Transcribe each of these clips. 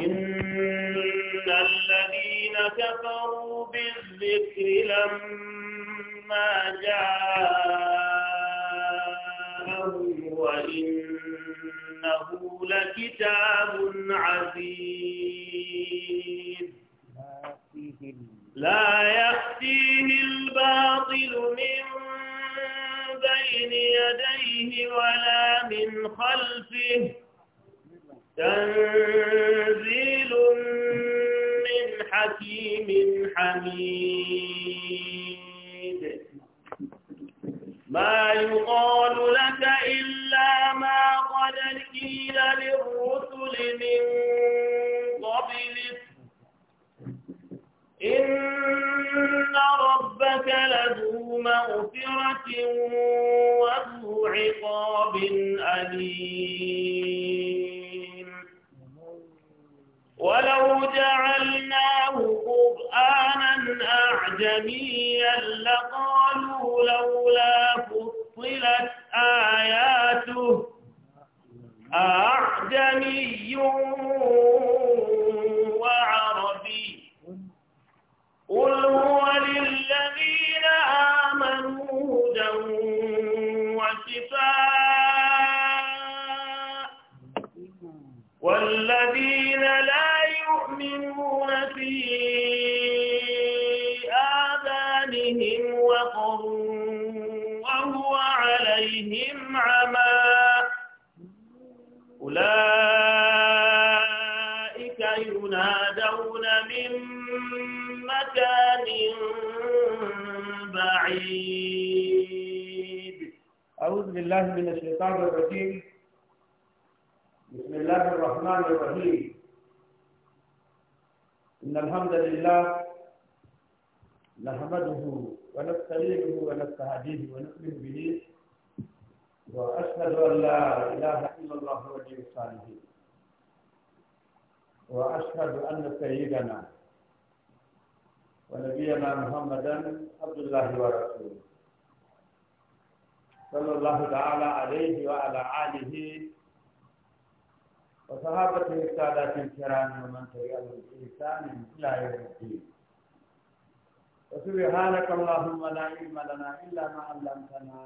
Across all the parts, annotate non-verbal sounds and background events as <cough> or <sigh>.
إن الذين كفروا بالذكر لما جاءهم وإنه لكتاب عزيز لا يأتيه الباطل من بين يديه ولا من خلفه تنزيل من حكيم حميد ما يقال لك إلا ما قد قيل للرسل من قبلك إن ربك لذو مغفرة وذو عقاب أليم ولو جعلناه قرآنا أعجميا لقالوا لولا فصلت آياته أعجمي وعربي قل هو للذين آمنوا هدى وشفاء والذين لا أولئك ينادون من مكان بعيد أعوذ بالله من الشيطان الرجيم بسم الله الرحمن الرحيم إن الحمد لله نحمده ونستعينه ونستهديه ونؤمن به وأشهد أن لا إله إلا الله ولي الصالحين وأشهد أن سيدنا ونبينا محمدا عبد الله ورسوله صلى الله تعالى عليه وعلى آله وصحابته السادات الكرام ومن تبعهم بإحسان إلى يوم الدين وسبحانك اللهم لا علم لنا إلا ما علمتنا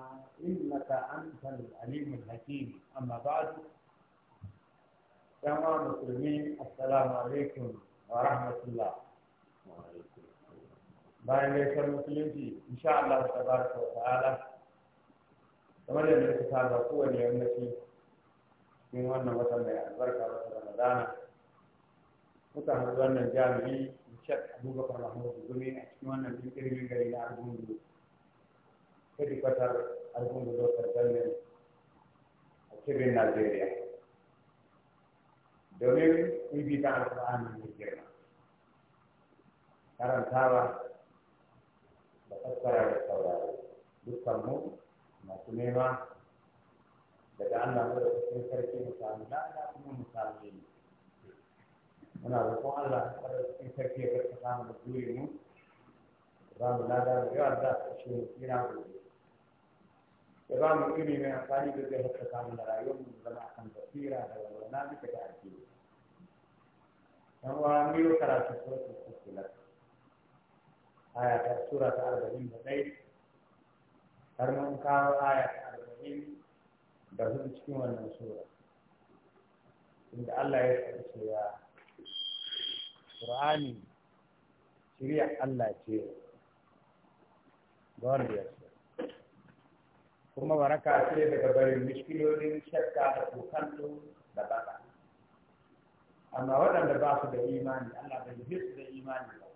إنك أنت العليم الحكيم أما بعد كما مسلمين السلام عليكم ورحمة الله وعليكم bayan gaisar musulunci insha Allah ta baraka wa ta'ala kamar yadda muka saba kowane yammaci cikin wannan watan mai albarka watan Ramadana muka haɗu wannan jami'i shek abubakar mahmud gumi a cikin wannan kirkirin gari na argungu hedikwatar argungu local government a cikin najeriya domin bibi ta alfa'ani mai girma karantawa da fassara da Dukkan mu masu nema daga allah da cikin karfi mu samu lada kuma mu samu muna roƙon Allah madaukakin sarki ya karɓa samun da jure mu za mu lada da yawa za su kashe mu yana gobe ya ba mu iri mai amfani da zai haska samun da rayuwar mu zama a kan basira da walwala duka da addini dan uwa mu yi karatu suratul fussilat aya ta sura ta arba'in da ɗaya har mun kawo aya ta arba'in da hudu cikin wannan sura inda Allah ya faɗi cewa Qur'ani shirya Allah ce don da kuma waraka ce daga barin mishkilolin shakka da kokanto da baka amma waɗanda ba su da imani Allah bai yi su da imani ba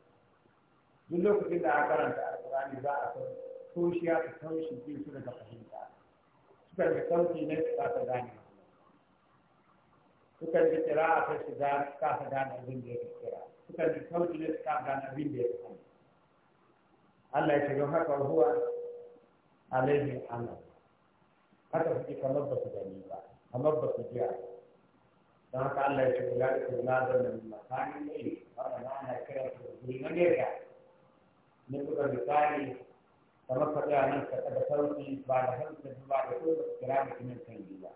duk lokacin da aka karanta alƙur'ani za a san toshiya ta taushi jin su daga fahimta suka da sauki ne su kasa gane suka ji kira a ta shiga kasa gane abin da ya kira suka ji kauce ne suka gane abin da ya faru Allah ya shiga don haka huwa alaihi anan haka suke kamar ba su gani ba kamar ba su jiya don haka Allah ya shiga ya kula da kula da nan makamin ne wanda na ana kira su guri na gera ne kuka misali kamar ka tsaya nan ka tsada sauki ba da hankali ba da kuma kira mutumin kan ba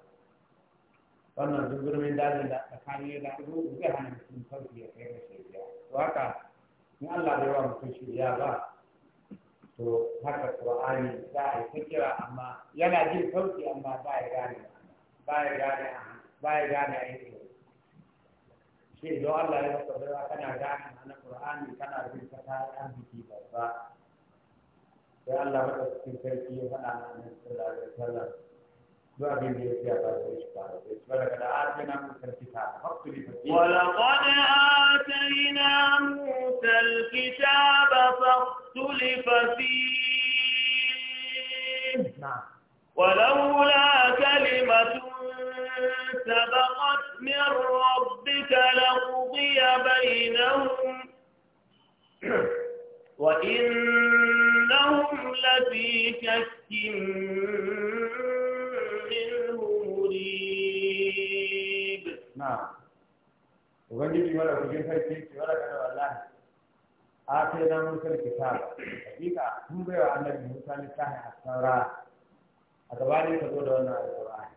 wannan zungurmin dajin da tsakanin ya da rubu zai hana mutum sauki ya kai da shirya to haka in Allah bai wa mutum shirya ba to haka Qur'ani za a yi ta kira amma yana jin sauki amma ba ya gane ba ya gane ba ya gane a yanzu. shi don Allah ya masa baiwa kana gane na Qur'ani kana bin ta kayan arziki babba sai Allah madaukakin sarki ya faɗa mana sallallahu alaihi wasallam ولقد آتينا موسى الكتاب فاختلف فيه نعم. ولولا كلمة سبقت من ربك لقضي بينهم وإنهم لفي شك na ubangiji mara kujin sarki ce mara kada wallahi a kai na musar kitaba hakika mun bai wa annabi musa littafin asara a gabanin ka zo da wannan alƙur'ani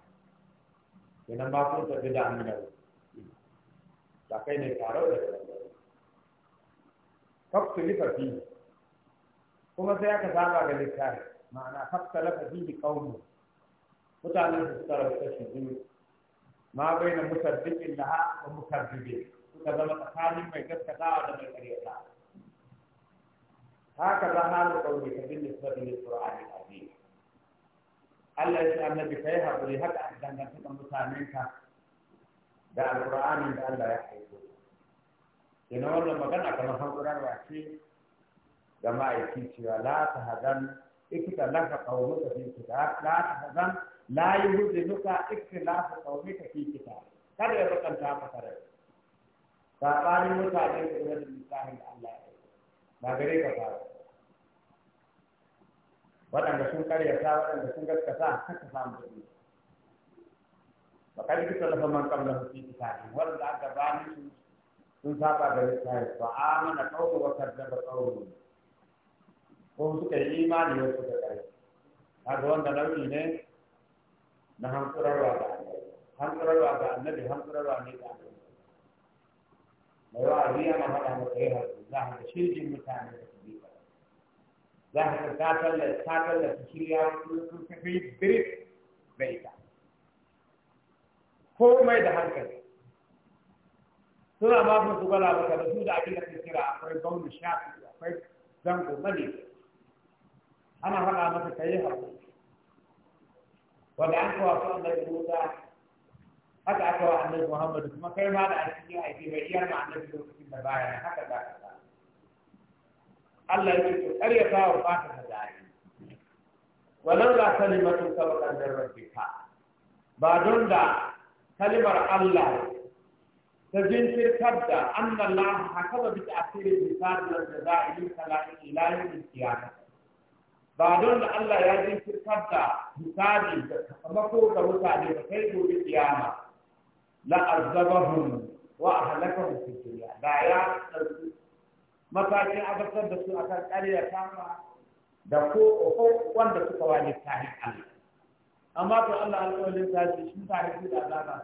kenan ba kun tafi da annabi ba kai ne karo da kaftu lifafi kuma sai aka saba ga littafi ma'ana kafta lafafi bi kaunu mutanen su suka rabu kashi biyu ما بين مسبب لها ومسبب وكذا ما تخالف ما يكسر هذا الكريتا هكذا حال قومي بالنسبة للقرآن العظيم الله يسأل النبي فيها قولي هكا أحزان أن تكون مسامينك دا القرآن إن دا الله يحيطه إنه لما قلنا كما هم قرآن وعشين جماعي كيشي لا تهدن إكتا لك قومك في الكتاب لا تهدن la yuhzinuka ikhtilafu qawmika fi kitab kada ya bakanta maka rai sabanin mutane da kuma da misalin da Allah ya yi ba gare ka fara waɗanda sun karyata waɗanda sun gaskata kaka samu da ba kada kusa lafa man kamla fi kitabi wanda aka ba ni sun saba da littafi fa wakar da wa kadzaba qawlu ko suka yi imani wasu da kai kaga wanda nauyi ne ಹಂತರವಾದ ಹಂತರವಾದ ಅನ್ನದೆ ಹಂತರವಾಗಿ ಭವಾರಿಯ ಮಹಾರಾಮ ದೇಹ ಗಾಹಕ ಶಿಲ್ಜಿ ಮುಖಾನ ಗಾಹಕ ಕಾಕಲ್ಲ ಕಾಕಲ್ಲ ಶಿಲ್ಯಾವತ್ತು ಕೈ ಬಿರಿತ್ ಬೈತ ಹೋ ಮೈ ದಹಂಕ ಸುನ ಬಾಬು ಸುಗಲ ಬಕ ಬಸೂದ ಅಕಿಲ ತಿರ ಅಪರ ಗೌನ ಶಾಫಿ ಅಪರ ಜಂಗು ಮಲಿ ಅನ ಹಲ ಮತ ಕೈ ಹತ್ತು wanda an kawo su annabi Musa haka aka wa annabi Muhammadu kuma kai ma da a cikin aiki bai iya ma annabi lokacin da baya haka za ka sa Allah ya ce kar ya wa fata da dare walau la kalimatu sabaqan min rabbika ba don da kalimar Allah ta jinkirtar da annan Allah haka ba bi ta'asirin bisar da za'i kala'i ilahi kiyama ba don da Allah ya jinkirtar da misali da sakamako ga mutane da kai gobe kiyama la azabahum wa ahlakahum fi dunya da ya matakin abartar da su akan ƙarya kama da ko ko wanda suka wani tahin Allah amma to Allah alƙawarin ta ce shi ta rufe da Allah ba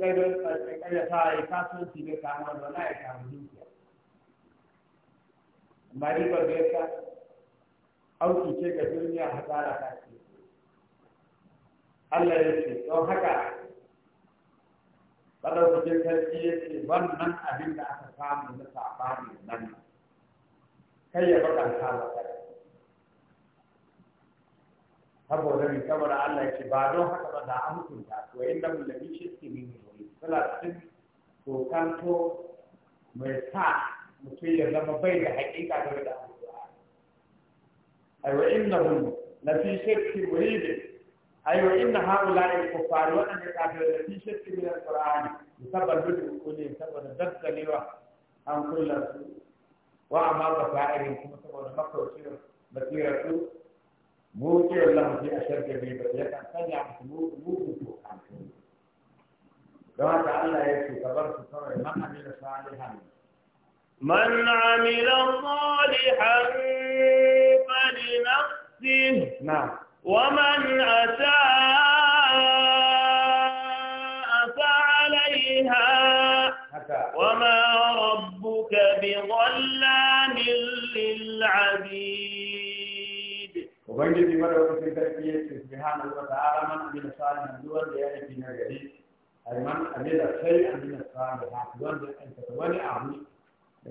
sai da sai da kai da da ta yi kasuwanci ne kamar da na ya kamar dukiya maribabeka au kice ga duniya hasara ta ce Allah ya ce don haka madaukakin sarki ya ce wannan abin da aka samu na saɓani nan kai ya bakan kama kai saboda mai saboda Allah ya ce ba don haka ba da an hukunta to inda mulabi shi ke min yi suna cikin kokanto mai sa mutum ya zama bai da hakika game da alƙur'ani aiwa innahum la fi shakkin muribin aiwa inna haula'i kuffar wa anna kafir la fi shakkin min alqur'ani musabbal bil quli saboda dakkalewa an kullarsu wa amma basairin kuma saboda makarcin basirarsu mukiyar lahu fi ashar da bai bai yakan sanya musu mugun to don haka Allah ya ce ka bar su kawai man amila salihan من عمل صالحا فلنفسه نعم ومن أساء فعليها وما ربك بظلام للعبيد وبنجي مرة في تركية سبحانه وتعالى من عمل صالحا دول في نجاحي أي من عمل شيئا من الصالحات دول أن تتولى أعمال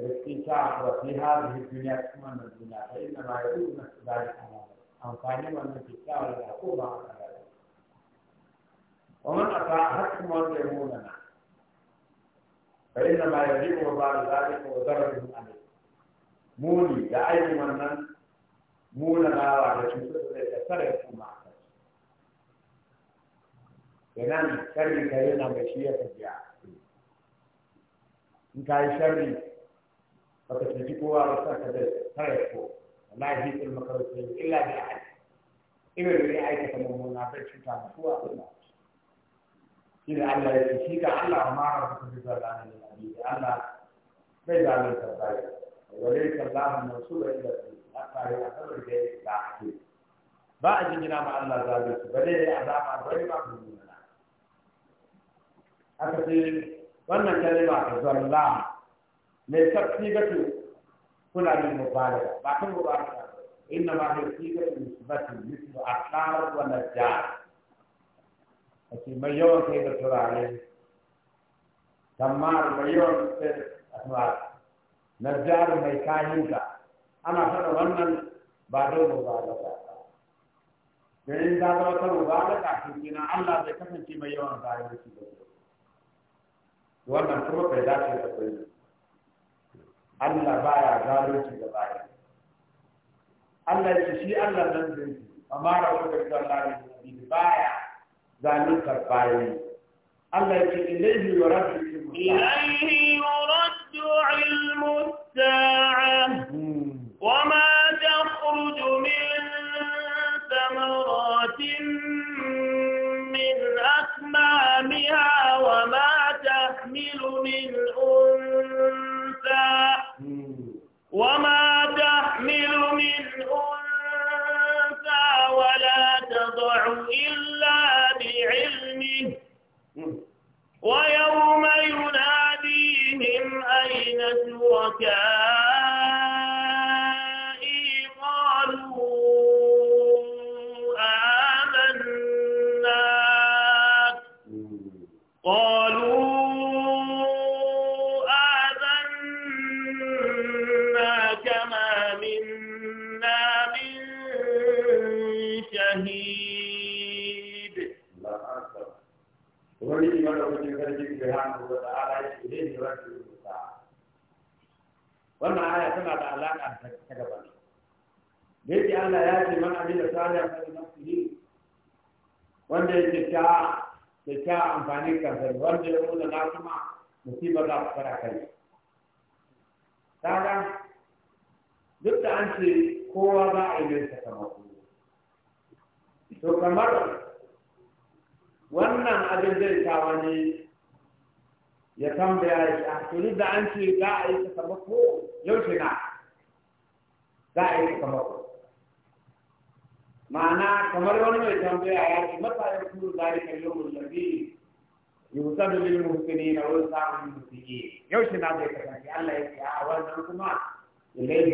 اتساع في هذه الدنيا ثم الدنيا فإنما يكون نفس ذلك أنفاني من اتساع والعقوبة على ذلك ومن أطاعتكم وانتهوننا فإنما يجب بعد ذلك وضربهم عليه مولي لأي من مولنا وعلى شمسة يتسرقكم معك kenan sharri ka yana mai shi مشيئة tafiya in ka yi baka tafi kowa ba sa ka da tare ko wallahi hikul makarata illa bi ahad ibn ya aikata mummuna bai cuta na kowa Allah shi da Allah ya ce shi ga Allah ma rabbuka bi zalamin lil Allah bai zalunta bai وليس الله موصول الى حتى يعتبر به العقل ba a jingina ma Allah zabe su bare ya azama bare ba ku nuna aka ce wannan kalma zalla mai tafsiratu kuna min mubalaga ba kan mubalaga inna ma su tafsiratu nisbatu mislu aqar wa najjar ake mai yawan kai da turare kammar mai yawan kai da asmar najjar mai kahinka ana faɗa wannan ba don ba. dan in ta zama ta mubalaga to kenan Allah bai kasance mai yawan zalunci ba wannan kuma bai dace da kai Allah baya zalunci da bayan Allah ya shi Allah nan zai amma rabbul zalimi baya zaluntar bayan Allah ya ce ilayhi yuraddu ilmu ilayhi yuraddu ilmu sa'a hmm. wa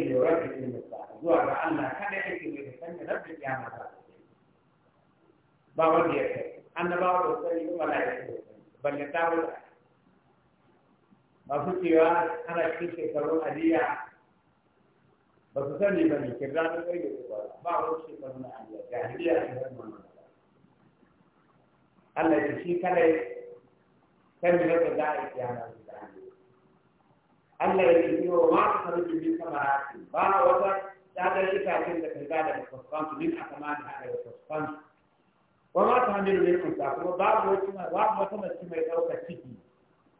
da rabbi din da zuwa ga Allah kan da yake mai san da rabbi ya mata ba wanda yake annabawa da sai kuma da yake ban da tawo ba su cewa ana cikin shekarun aliya ba su sani ba ne ke zaɓi ɗaya da ba ba a wasu shekarun na aliya ga aliya a cikin wani ba Allah ya ce shi kada ya san da za a yi kiyama da zaɓi Allah ya yi wa ma ta sarrafa min samarati ba wata tsadar itacen da kai gada da kwasfansu min a kama da haɗa da kwasfansu wa ma ta hamilu min kusa kuma babu wata mace mai ɗaukar ciki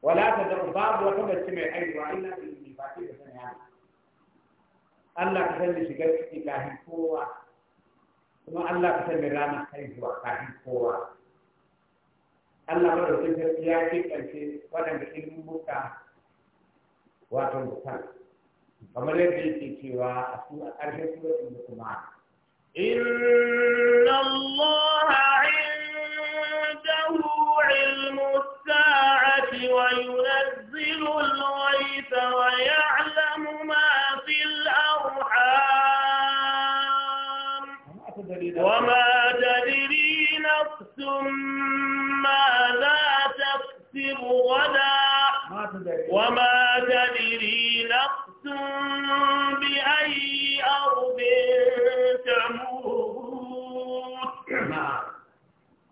wala ta da babu wata mace mai haihuwa illa bi ni ba ce da sani hali Allah ka sani shigar ciki kafin kowa kuma Allah ka sani ranar haihuwa kafin kowa Allah madaukakin sarki ya ce ƙarshe waɗanda in muka wato mutan kamar yadda yake cewa a su a ƙarshen suratul mutumin inna Allah indahu ilmu sa'ati wa yunazzilu al-ghaytha wa ya'lamu ma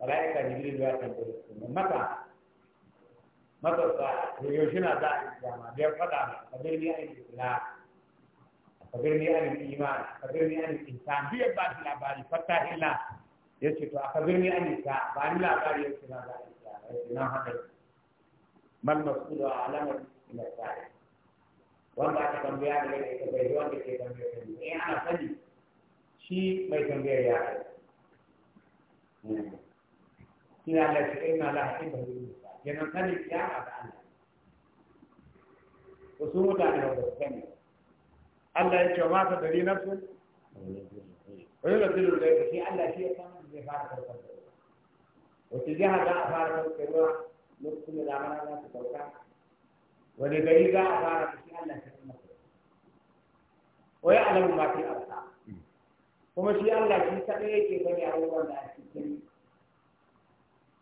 malaika jibril ya tambaye su maka maka sa yaushe na za a islama da ya ni ma kabirni an islam kabirni an iman ni an insan biya ba shi labari fata illa ya ce to a ni an isa ba ni labari ya ce na za a islama na haɗa man masudu a alamar ila sa'i wanda ka tambaya da ya ce bai wanda ke tambaya da ni in ana sani shi mai tambayar ya kai hmm. إن التي إن لا حبه جنم ثاني كيام أبعنا وسومو تاني هو الثاني الله يجوا ما تدري نفسه ويلا تدري لك شيء الله شيء كان زي فارق القدر وتجاه ذا فارق القدر نقسم الأمانة لا تتوقع ولغير ذا فارق شيء الله شيء ويعلم ما في الأبصار وما شيء الله شيء سبيك يبني أبوه لا شيء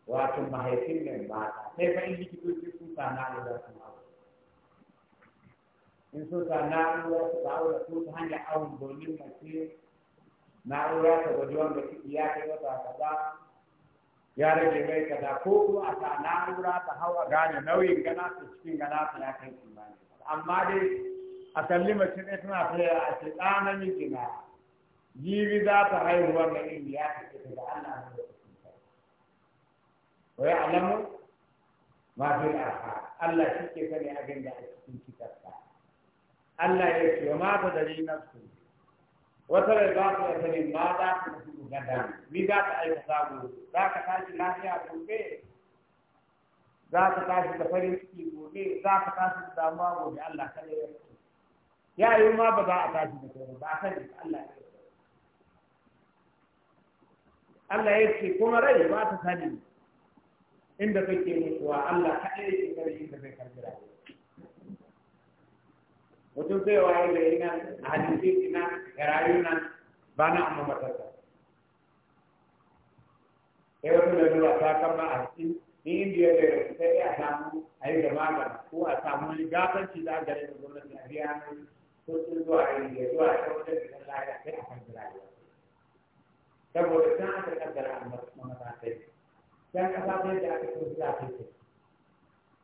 wato mahaifin mai mata sai fa yi likitoci sun sa na da su aure in sun sa na ruwa su aure ko ta hanyar awon domin mace na ruwa ta gwaji wanda ciki ya kai wata ba, ya rage mai kaza ko kuma a sa na ruwa ta hawa gane nauyin gana su cikin gana su ya kai kimani amma dai a talli mace ne suna tsaye a ce ɗa namiji na jibi za ta haihuwa mai indiya ta ce daga Allah ne ويعلم ما في الأرحام الله شكي سني أبين دعسكم كتابك الله يكي وما تدري نفسه وصل الباطل يسني ما ذاك نفسه غدا لذاك أي كتابه ذاك تاشي لا به ذاك تاشي في سكيبوك ذاك تاشي تدامه الله كده يكي يا أيها ما بدأ تاشي نفسك بأسنك الله يكي Allah ya ce kuma rai ba inda kake mutuwa Allah kaɗai yake kare inda bai karbi rayuwa mutum zai waye da ina a hadisi ina ya rayu nan ba na amma matasa sai wani lalura ta kama a cikin in indiya da yau sai ya samu a yi da magana ko a samu wani gafanci za a gare da gwamnati a biya mai ko sun zuwa indiya zuwa ta wajen da ta lafiya sai a kan rayuwa saboda can aka kaddara a matakai dan kasa ta yadda aka so za ta yi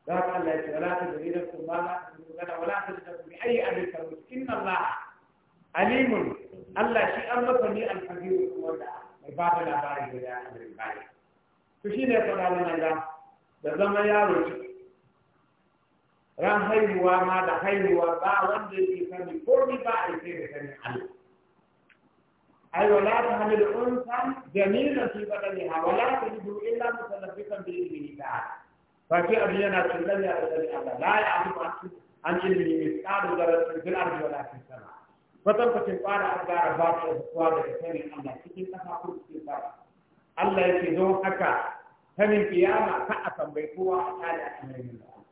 za ka Allah ya ce wala ta zuri da kuma za ta zuri gada wala ta zuri da kuma ayi abin karbu inna Allah alimun Allah shi an masa ni alfahiru wanda mai ba da labari da ya amirin bayi to shi ne faɗa mana da zama yaro ran haihuwa ma da haihuwa ba wanda yake sani ko ni ba a yi da sani Allah Also la tahmil unsa jamila fi badaniha wa la tajidu illa mutalabbikan bi ilmihi ta'ala. Fa fi abiyana sunnah ya rabbi Allah la ya'lamu ahadun an ilmihi mithqala dharratin fil ardi wa la fis samaa. Fa tam fa tin qala abda rabbaka wa qala ka tani amma kiti tafaqur fi ta'ala. Allah yake zo haka tani kiyama ka asambai kowa a tare a tare da Allah.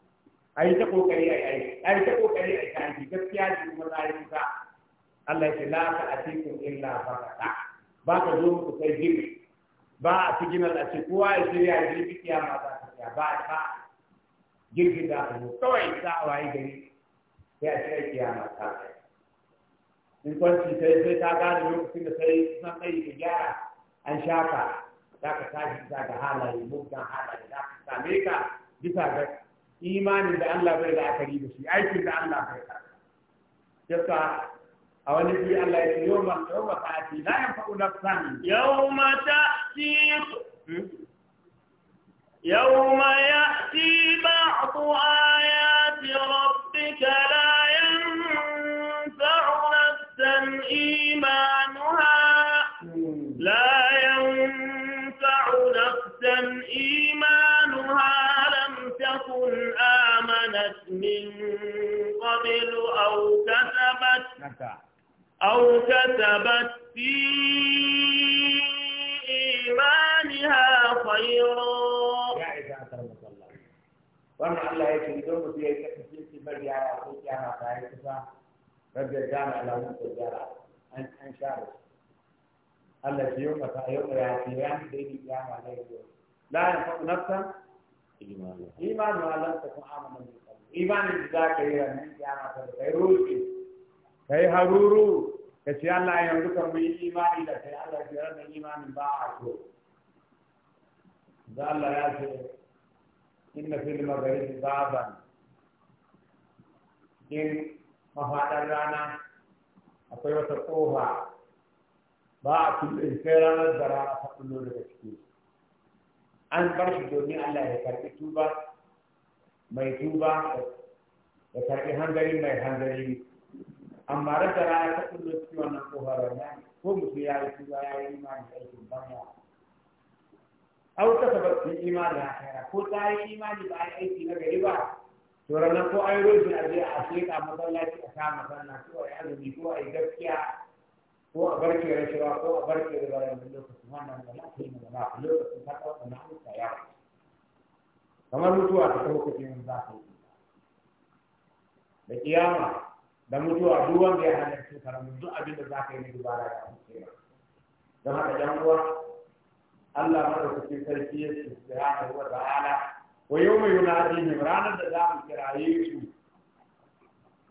Ayi ta kokari ayi ayi ayi ta kokari ayi ta gaskiya ne kuma Allah ya ce la ta atiku illa fakata ba ka zo ku kai gibi ba a ci ginar a ce kowa ya shirya girbi kiyama za ta tsaya ba ba da za ka zo kawai za a wayi gari sai a shirya ma ta tsaya in kwanci sai sai ta gane lokacin da sai san sai da gyara an shafa za ka tashi ta da halaye mugan halaye za ka same ka bisa ga imanin da Allah bai da akari da shi aikin da Allah bai da yasa أو الذي الله يوم يوم تأتي لا ينفع نفسا يوم تأتي يوم يأتي بعض آيات ربك لا ينفع نفسا إيمانها لا ينفع نفسا إيمانها لم تكن آمنت من قبل أو كسبت أو كتبت في إيمانها خيرا يا إذا أكرمك الله وأنا الله في أي تكفيك بدي في أخوك أنا تعرفها في الجامع لو أنت في أنت أنشارك الله في يوم يوم القيامة في هي هارورو كسي الله يملك من إيمان إلى كسي الله كسي من إيمان بعده ذا الله يعطي إن في المغرب بابا إن ما هذا لنا أقوى تقوها بعد الإنسان الزراعة فقلوا لكسي أن برش الدنيا الله يكتب توبة ما يتوبة يكتب هنجري ما يهنجري amma rasa rana ta kullu cikin wannan kofar wannan ko mutum ya yi tuba ya yi imani da aikin banya au ta sabab fi imani da akhira ko ta yi imani ba ai aiki na gari ba to ranar ko ai roji a je a sheka masallaci a sa masallaci ko a yi azumi ko a yi gaskiya ko a barke rashawa ko a barke da bayan lokacin wannan da lafiya da lafiya lokacin ta kawo na halitta ya kamar mutuwa ta kawo kafin za ta yi da kiyama da mutuwa duk wanda ya halarci karamin duk abin da za ka yi na dubara ya kuce ba don haka dan uwa Allah madaukakin sarki ya ce subhanahu wa ta'ala wa yawma yunadihim ranar da za mu kiraye su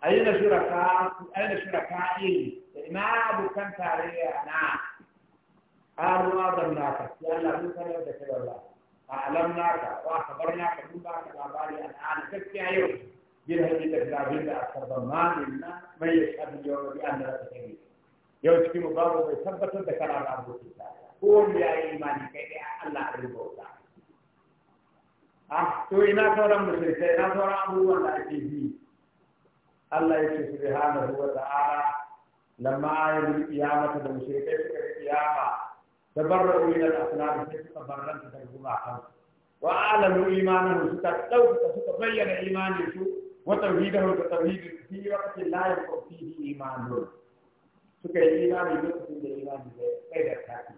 aina shuraka aina shuraka'i ina abokan tarayya na قالوا أعظمناك يا الله من سنة ذكر الله أعلمناك وأخبرناك من بعد الأخبار الآن تكفي أيوه يلهي تكذابين أكثر ضمان لنا ما يشهد اليوم بأن لا تكذب يوم تكي مقابل يثبت ذكر على أبو تسعة قول يا إيماني كي الله أريبه أه تو إنا تورا مشركين إنا تورا أبو الله أكيد الله يشهد سبحانه وتعالى لما يوم القيامة المشركين في القيامة تبرؤوا إلى الأسلام كيف تبرأت تلك وأعلنوا إيمانهم ستتوب ستتبين إيمانهم وتوحيده كتوحيد في وقت لا يكون فيه إيمان suka yi imani lokacin da imani da kai da tafi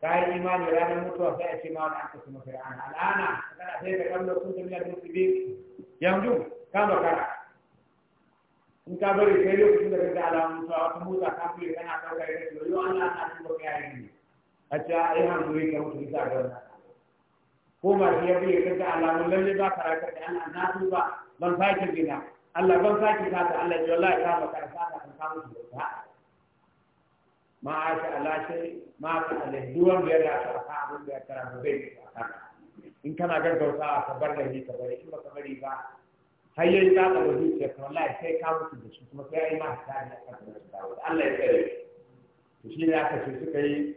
ka yi imani ranar mutuwa sai a ce ma wani aka kuma fir'aun al'ana kana ka kallo kun tafiya da musulmi yanzu ka makara in ka bari sai lokacin da kai da alamun mutuwa wata mota ka fiye kana kankare da shi a yi ne a ce ko ba shi ya kanta da alamun lalle ba karaka da an annabi ba ban sake gina Allah ban sake ta ta Allah ya wallahi ta ba karaka ta kan samu ta ma asha Allah shi ma ta alai duwan da ya ta ta abun da ya karanta bai in kana gaggauta ka bar da ni ka bari in ba ka bari ba har yayi ta da bari ce ka Allah sai ka mutu da shi kuma sai ai ma ta da ka da Allah ya tsare to shi ne aka ce suka yi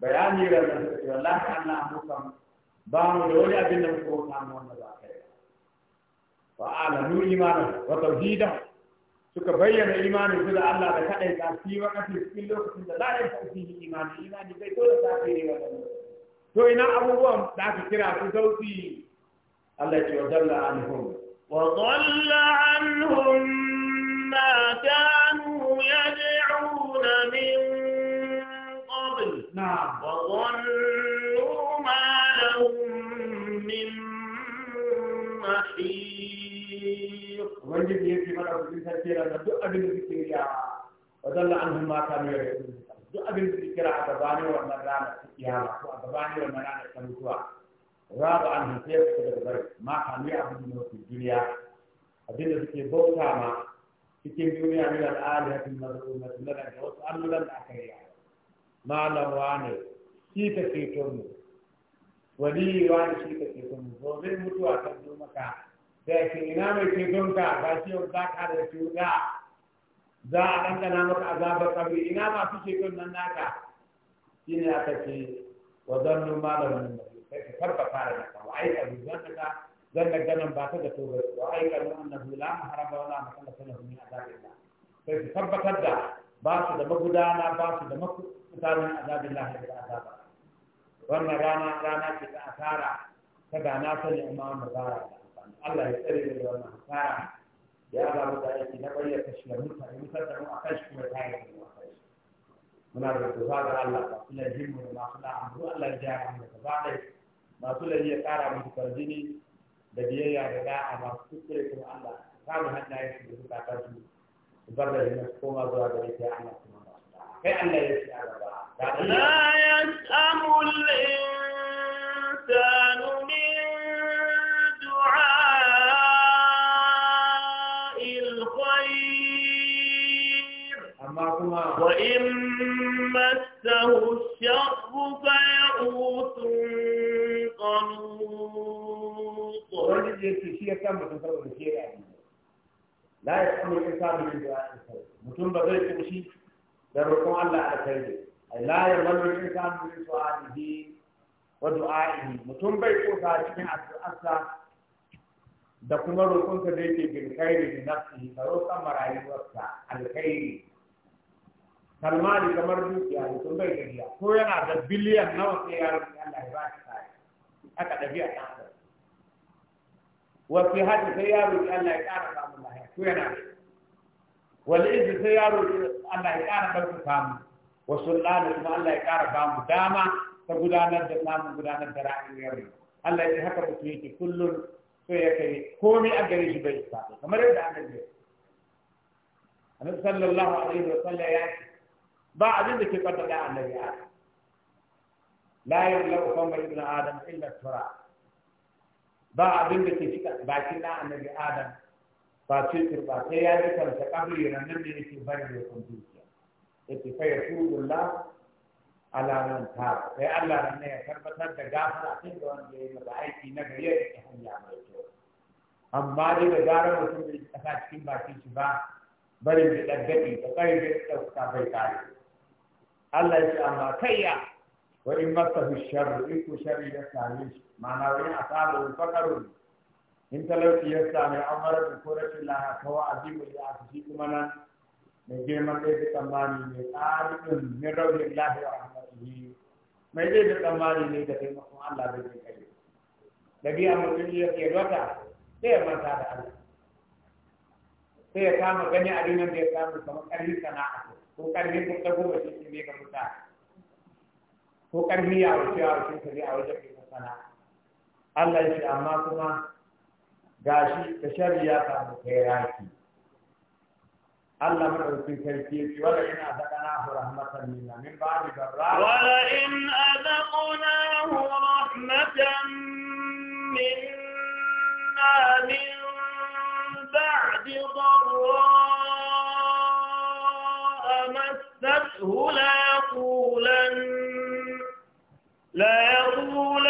bayani da wallahi Allah mu kan ba mu dole abin da muka roƙa mu wanda ba kai ba alamu imanin wa tauhida suka bayyana imanin su da Allah da kadai ta fi wakati cikin lokacin da la ya fi imani imani bai dole ta kai ne wannan to ina abubuwan da aka kira su sauti Allah ya wadalla anhum wa dhalla anhum ma kanu yad'una min madaukakin sarki yana duk abin da suke yi wa zalla anhum ma kanu yarjun duk abin da suke kira a gabanin wannan ranar ta kiyama ko a gabani wannan ranar ta mutuwa rabu an hanke su daga bari ma kanu ya abin da mafi duniya abin da suke bauta ma cikin duniya ne da alihatin mazlumatin na daga wasu allulan da aka yi malam wane shi ta ceto mu wani wane shi ta ceto mu domin mutuwa ta zo maka sai ina mai ke donka ba shi yau za ka da cuta za a ɗanɗana maka azabar kabri ina ce kun nan naka shi ne aka ce wa da wani nabi sai ka fara da kawo wa aika bi zan ka zan da ganin ba ta da tobe wa aika bi annahu la maharaba wa la mahalla sanahu min azabillah sai ka tabbatar da ba su da magudana ba su da makutarin azabillah da azaba wannan rana rana ce ta asara ta gana sani amma wannan rana Allah ya tsare da wannan hasara ya ba mu da aiki na bayyana kashe mutane mutane mu akan shi kuma ta yi mu akan shi muna da tufa ga Allah ba su lajin mu da masu la'amuru Allah ya jaya mu da gaba masu lajin ya kara musu farjini da biyayya da da'a masu kuskure kuma Allah kama hannayen su da suka kasu su bar da himmar koma zuwa da yake Allah kuma ba su da'a kai Allah ya ci a gaba. لا يسأم الإنسان من وإن مسه الشر فيئوس قنوط يعني. لا يحمل الإنسان من دعاء الخير متون بغير تمشي دركم الله على خير لا يمل الإنسان من سؤاله ودعائه متون سلمان كمرد يا ريتون بيت يا هو أنا هذا بيلي أنا وفي عالم من الله يبارك تعالى هكذا بيا تعالى وفي هذا سيارة الله يعرف عن الله هو أنا والإذ سيارة الله يعرف عن الله وسلطان من الله يعرف عن دامة تبودانا دامة تبودانا دراني يري الله يهك بسويك كل في كي كوني أجريش بيت تعالى كمرد أنا جي أنا صلى الله عليه وسلم يعني ba abin da ke kwanta da annabi adam la yamlau fama ibn adam illa tura ba abin da ke cika bakin na annabi adam ba ce turba sai ya ji kansa kabri nan ne yake bari da kuntuciya yake fa yatubullah ala man ta sai Allah ne ya tabbatar da gafara a da wanda ya yi masa aiki na gari ya hanya mai kyau amma dai da zarar mutum bai kasa cikin bakin shi ba bari da ɗaggaɗi da ƙarfi da ɗauka bai kare الله يسأل تيا وإن مسه الشر إنك شر يستعنيش معنى وين أصابه الفقرون إنت لو تيستعني عمر بن قرش الله أخوى أجيب لي أخشيك منا نجيما كيف تماني نتعرف من رب الله ورحمته ما يجيب تماني نتعرف من الله بذلك لكي أمر بني يكي الوقع كي أمر سعد الله كي أمر بني أدنى كي أمر سعد الله ko karfi kun ta goma shi ne ka mutu ko karfi ya wuce ya wuce ka ne a wajen kai sana Allah ya ce amma kuma gashi ka shari'a samu kai raki الله من في ولئن أذقناه رحمة منا من بعد ضراء ولئن أذقناه رحمة منا من ليقولن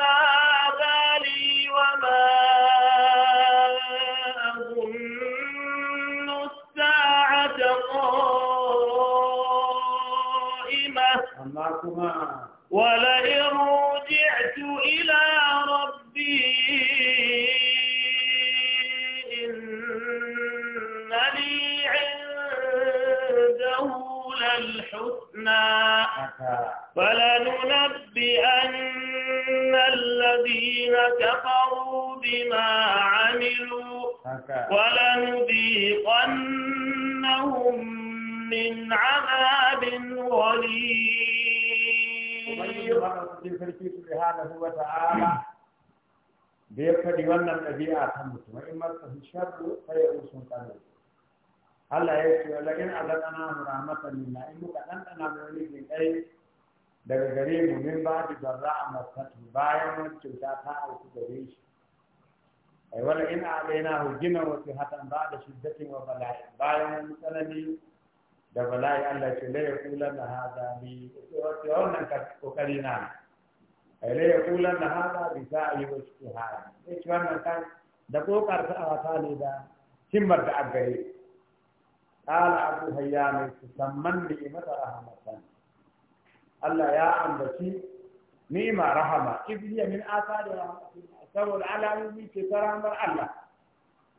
هذا لي وما أظن الساعة قائمة ولئن رجعت إلى ربي إن لي عنده للحسنى فلننبئن الذين كفروا بما عملوا ولنذيقنهم من عذاب وليم بيرك ديوان النبي آثم مسلم إما تهشر فيا أوسون كله الله يسوع لكن أذننا رحمة لنا إنك أنت نبي أي daga gare mu min ba da zarra a masatu bayan wani ta ta auku gare shi ai wala in alaina hu gina wasu hatan ba da shiddatin wa bala'i bayan wani tsanani da bala'i Allah ce la yaqula na hada bi wasu wannan kokari na ai la yaqula na hada bi sa'i wa ijtihad ai wannan kan da kokarta a wata ne da himmar da agare قال أبو هيام تسمن لإمة رحمة الله Allah ya ambaci ni'ima rahama ibniya min asari saboda alamomi ce ta rahamar Allah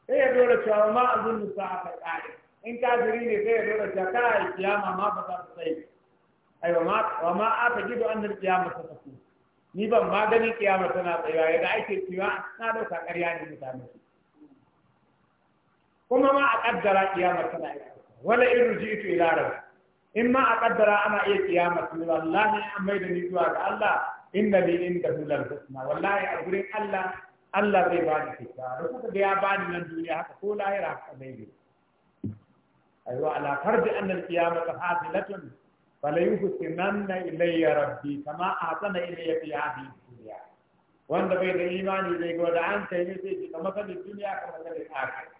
sai ya dole cewa ma a zunnu sa'a ta in kafiri ne sai ya dole cewa kana kiyama ma ba za ta tsaye aiwa ma wa ma aka gido an da kiyama ta tafi ni ban ma gani kiyama tana tsayawa yaga ake cewa na dauka ƙarya ne mutane kuma ma a kaddara kiyama tana wala irji ila rabbi in ma a kaddara ana iya kiyama su wallahi an mai da ni zuwa ga Allah inna bi inda hulal husna wallahi a gurin Allah Allah zai ba ni fita da kuka ya ba ni nan duniya haka ko lahira haka zai yi aiwa ala fardi anna al qiyamata hasilatun fala ilayya rabbi kama ahsana ilayya fi hadhihi dunya wanda bai da imani zai ga da an kai ne sai ka masalin duniya ka masalin akhirah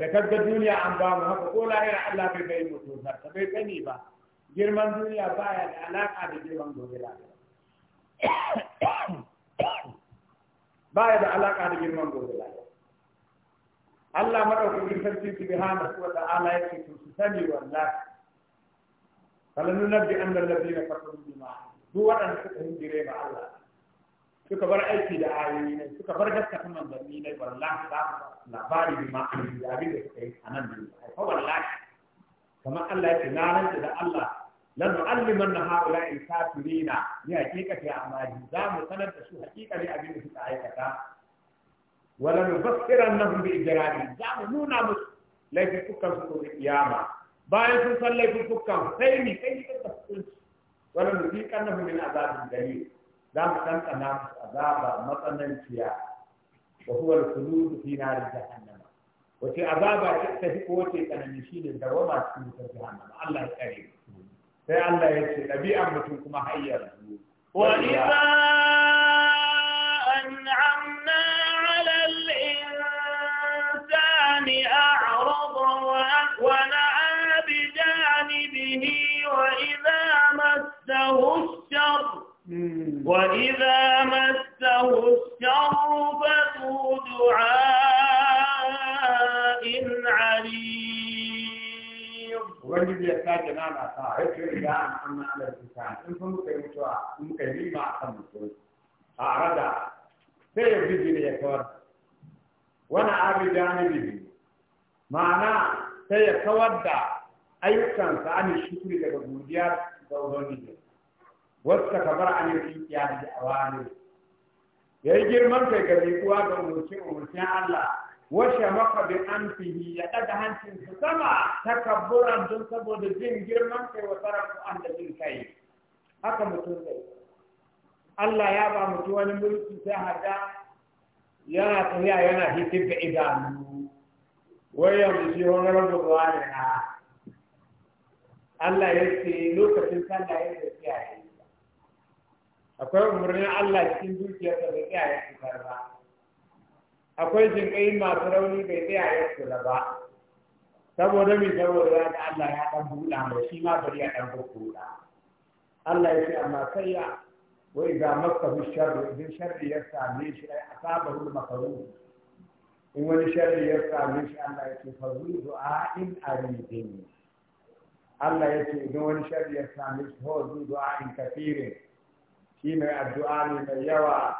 da kaga duniya an ba mu haka ko lahira Allah bai bai mu to ka bai gani ba girman duniya baya da alaka da girman gobe lahira <coughs> baya da alaka da girman gobe lahira Allah madaukakin sarki subhanahu wa ta'ala yake to su sani wallahi falan nunabbi anna alladhina kafaru bima duwa waɗanda suka hijire ba Allah suka bar aiki da ayoyi ne suka bar gaskata manzanni ne wallahi za su labari bi ma'ani da abin da suka yi a nan duniya fa wallahi kamar Allah ya ce na nan da Allah lan nu'alliman na haula in kafirina ni hakikati amali za mu sanar da su hakikani abin da suka aikata wala nufassirannahum bi ijrami za mu nuna musu laifin fukkan su gobe kiyama bayan sun san laifin fukkan sai ni kai ni ka tafsir wala nufiqannahum min azabin dalil za mu kankana musu azaba matsananciya wa huwa al-khulud fi nar jahannama wace azaba ta fi kowace tsanani shine dawama cikin wutar jahannama Allah ya kare sai Allah ya ce ɗabi'an mutum kuma hayyar zuwa وإذا أنعمنا على الإنسان أعرض ونعى بجانبه وإذا مسه الشر وإذا مسه الشر فذو دعاء عليم وجد يحتاج أنا صاحب شريعة أما على الإنسان إن كنت كيمتوا مكيمين مع خمسون أعرض سيبدي لي يكور وأنا أبي جانبي معناه sai اي كان da ayyukansa an shukuri daga godiya wasu bar an yi rikiya da awani ya yi girman kai ga kuwa ga umarci umurcin Allah washe maka bi an fihi ya ɗaga hancin su sama kaburan don saboda jin girman kai wa sarrafa an da jin kai haka mutum zai Allah ya ba mutu wani mulki ta hada yana tafiya yana hitin ga idanu wai yanzu shi wani rabu ruwa ne Allah ya ce lokacin sallah ya tafiya akwai umarnin Allah cikin dukiyarsa bai tsaya ya fitar ba akwai jinƙai masu rauni bai tsaya ya kula ba saboda mai saboda ya ga Allah ya ɗan buɗa mai shi ma bari ya ɗan buɗa Allah ya ce amma sai ya wa idza masahu sharru idan sharri ya same shi ai asabahu makaruh in wani sharri ya same shi Allah ya ce fa du'a in aridin Allah ya ce idan wani sharri ya same shi fa zuwa in kafirin shi mai addu'a ne mai yawa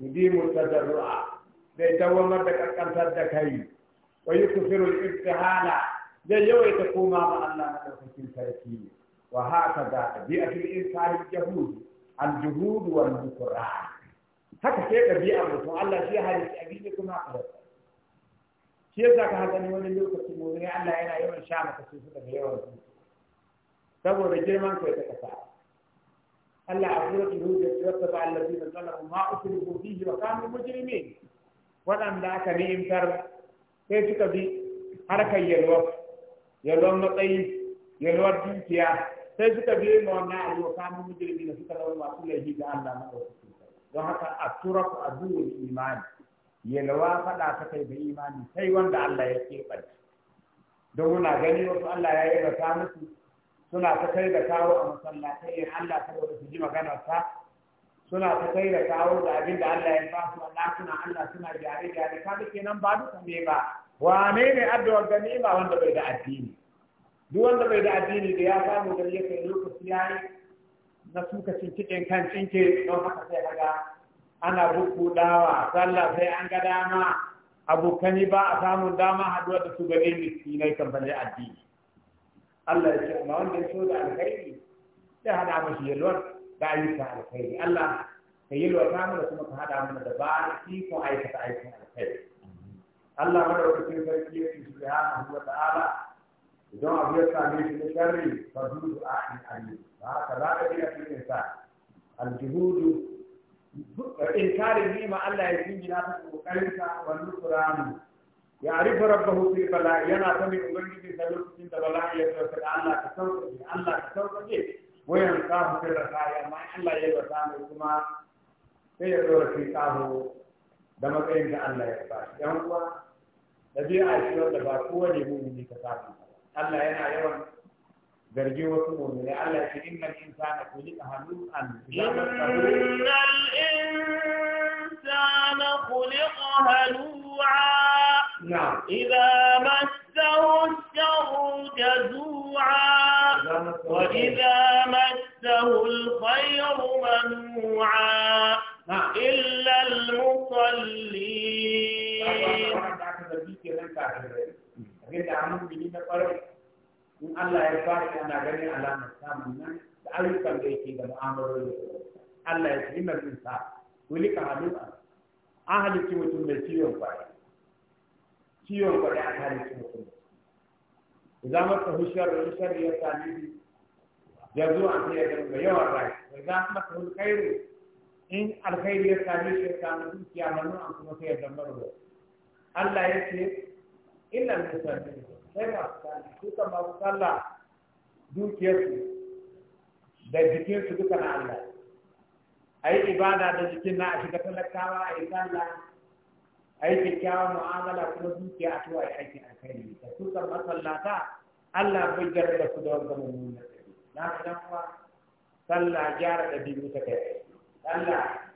yudimu tadarru'a zai dawamar da kankantar da kai wa yukfiru al-ibtihala zai yawaita koma ma Allah madaukakin sarki wa haka da bi'atul insani jahud al-juhud wal bukra haka ke ɗabi'a mutum Allah shi halitta abin da kuma ƙarfa shi yasa ka haka ne wani lokaci mu ne Allah yana yawan sha maka su daga yawan su saboda girman kai ta kasa Allah a kura tuhu da tsirata ba Allah zina zalamu ma wa kanu mujrimin waɗanda aka ni'imtar sai suka bi harkar yalwa yalwar matsayi yalwar dukiya sai suka bi ma wannan ayi wa kanu mujrimin suka zama masu laifi ga Allah madaukakin don haka a tura ku a duwul imani yalwa faɗa ta kai da imani sai wanda Allah ya keɓance don muna gani wasu Allah ya yi rasa musu suna ta kai da kawo a masallatai in Allah saboda su ji maganarsa suna ta kai da kawo da abin da Allah ya ba su Allah suna Allah suna gyare gyare ka dake nan ba duka ba wane ne addu'ar gani ba wanda bai da addini duk wanda bai da addini da ya samu da yake lokaci yayi na suka cikin kan cinke don haka sai kaga ana bubbudawa sallah sai an ga dama abokani ba a samun dama haduwa da su ganin miskinai kan bane addini Allah ya ce ma wanda ya so da alkhairi sai hada mashi yalwar da ayyuka alkhairi Allah ka yalwa ta mana kuma ka hada mana da ba ikon aikata aikin alkhairi Allah wata cikin sarki ya ce subhanahu wa ta'ala idan abu ya same shi na sharri fa zuzu a'in ali ba haka za ka bi a cikin sa aljuhudu inkarin nima Allah ya jingina ta kokarinsa wa nusranu ya arifu rabbahu fi bala yana sanin ubangiji da lokacin da bala ya sauka da Allah ka sauke Allah ka sauke wayan kafu fi rasaya amma Allah ya rasa mai kuma sai ya dora fi kafu da matsayin da Allah ya ba shi yan uwa dabi'a ce wanda ba kowane mu'mini ka samu Allah yana yawan zargi wasu mu'mini Allah ya ce innal insana khuliqa halu'an innal insana نعم. إذا مسه الشر جزوعا وإذا مسه الخير منوعا نعم. إلا المصلين إن الله يبارك أن أغني على مسام منا تعالوا كم بيتي دم أمر الله يسلمك من سا ولي كهدوء أهل كي وتم بيتي يوم بعد ciwon kwaɗe a kare shi mutum idan ta hushar hushar ya sami ya zo a sai ya zama yawa rai idan masa hulkairu in alkhairi ya sami shi ya sami dukiya hannu an kuma sai ya zama Allah ya ce illa musulmi sai masu sani duka masu sallah dukiyarsu da jikinsu duka na Allah a yi ibada da jikin na a shiga talakawa a yi sallah a yi kyakkyawan mu'amala kuma zuciya a tuwa ya aikin alkhairi da su kan masallata Allah bai jarraba su da wanda mummuna na ka dan kuwa sallah gyara ɗabi'u ta kai Allah